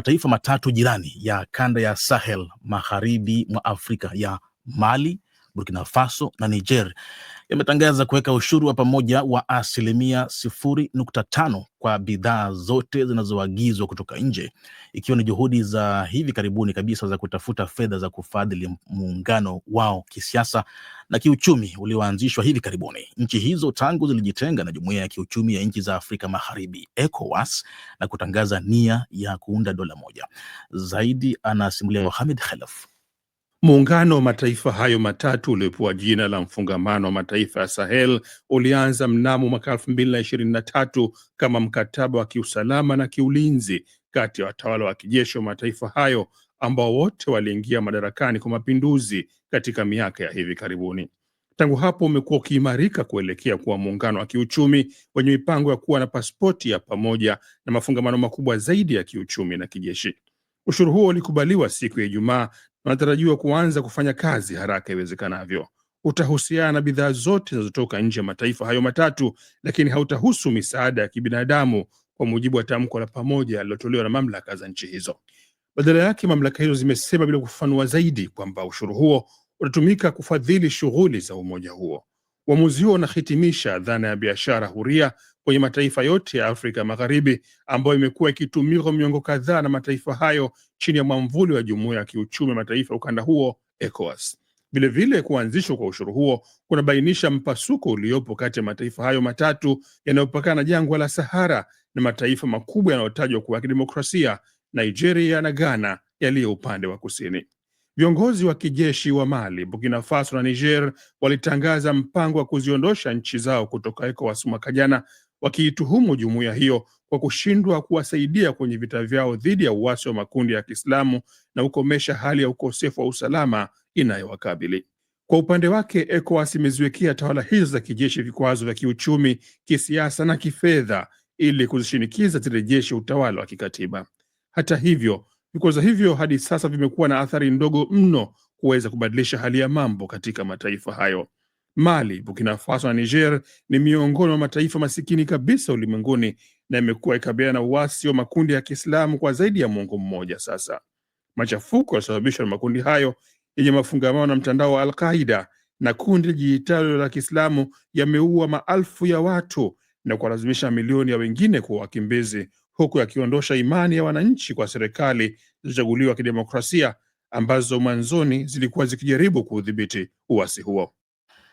mataifa matatu jirani ya kanda ya Sahel magharibi mwa Afrika ya Mali, Burkina Faso na Niger yametangaza kuweka ushuru wa pamoja wa asilimia sifuri nukta tano kwa bidhaa zote zinazoagizwa kutoka nje, ikiwa ni juhudi za hivi karibuni kabisa za kutafuta fedha za kufadhili muungano wao kisiasa na kiuchumi ulioanzishwa hivi karibuni. Nchi hizo tangu zilijitenga na jumuiya ya kiuchumi ya nchi za Afrika Magharibi, ECOWAS, na kutangaza nia ya kuunda dola moja. Zaidi anasimulia mm. Mohamed Khalaf. Muungano wa mataifa hayo matatu uliopewa jina la mfungamano wa mataifa ya Sahel ulianza mnamo mwaka elfu mbili na ishirini na tatu kama mkataba wa kiusalama na kiulinzi kati ya watawala wa kijeshi wa mataifa hayo ambao wote waliingia madarakani kwa mapinduzi katika miaka ya hivi karibuni. Tangu hapo umekuwa ukiimarika kuelekea kuwa muungano wa kiuchumi wenye mipango ya kuwa na pasipoti ya pamoja na mafungamano makubwa zaidi ya kiuchumi na kijeshi. Ushuru huo ulikubaliwa siku ya Ijumaa na unatarajiwa kuanza kufanya kazi haraka iwezekanavyo. Utahusiana na bidhaa zote zinazotoka nje ya mataifa hayo matatu, lakini hautahusu misaada ya kibinadamu, kwa mujibu wa tamko la pamoja lilotolewa na mamlaka za nchi hizo. Badala yake, mamlaka hizo zimesema bila kufafanua zaidi kwamba ushuru huo utatumika kufadhili shughuli za umoja huo. Uamuzi huo unahitimisha dhana ya biashara huria kwenye mataifa yote ya Afrika Magharibi ambayo imekuwa ikitumiwa kwa miongo kadhaa na mataifa hayo chini ya mwamvuli wa Jumuiya ya Kiuchumi Mataifa ya ukanda huo ECOWAS. Vilevile, kuanzishwa kwa ushuru huo kunabainisha mpasuko uliopo kati ya mataifa hayo matatu yanayopakana na jangwa la Sahara na mataifa makubwa yanayotajwa kuwa ya kidemokrasia, Nigeria na Ghana yaliyo upande wa kusini. Viongozi wa kijeshi wa Mali, Burkina Faso na Niger walitangaza mpango wa kuziondosha nchi zao kutoka ECOWAS mwaka jana, wakiituhumu jumuiya hiyo kwa kushindwa kuwasaidia kwenye vita vyao dhidi ya uasi wa makundi ya Kiislamu na kukomesha hali ya ukosefu wa usalama inayowakabili. Kwa upande wake, ECOWAS imeziwekea tawala hizo za kijeshi vikwazo vya kiuchumi, kisiasa na kifedha ili kuzishinikiza zirejeshe utawala wa kikatiba. Hata hivyo, vikwazo hivyo hadi sasa vimekuwa na athari ndogo mno kuweza kubadilisha hali ya mambo katika mataifa hayo. Mali, Burkina Faso na Niger ni miongoni mwa mataifa masikini kabisa ulimwenguni na imekuwa ikabiliana na uasi wa makundi ya Kiislamu kwa zaidi ya mwongo mmoja sasa. Machafuko yaliyosababishwa na makundi hayo yenye mafungamano na mtandao wa Al-Qaida na kundi jihitalo la Kiislamu yameua maelfu ya watu na kuwalazimisha milioni ya wengine kuwa wakimbizi, huku yakiondosha imani ya wananchi kwa serikali zilizochaguliwa kidemokrasia ambazo mwanzoni zilikuwa zikijaribu kuudhibiti uasi huo.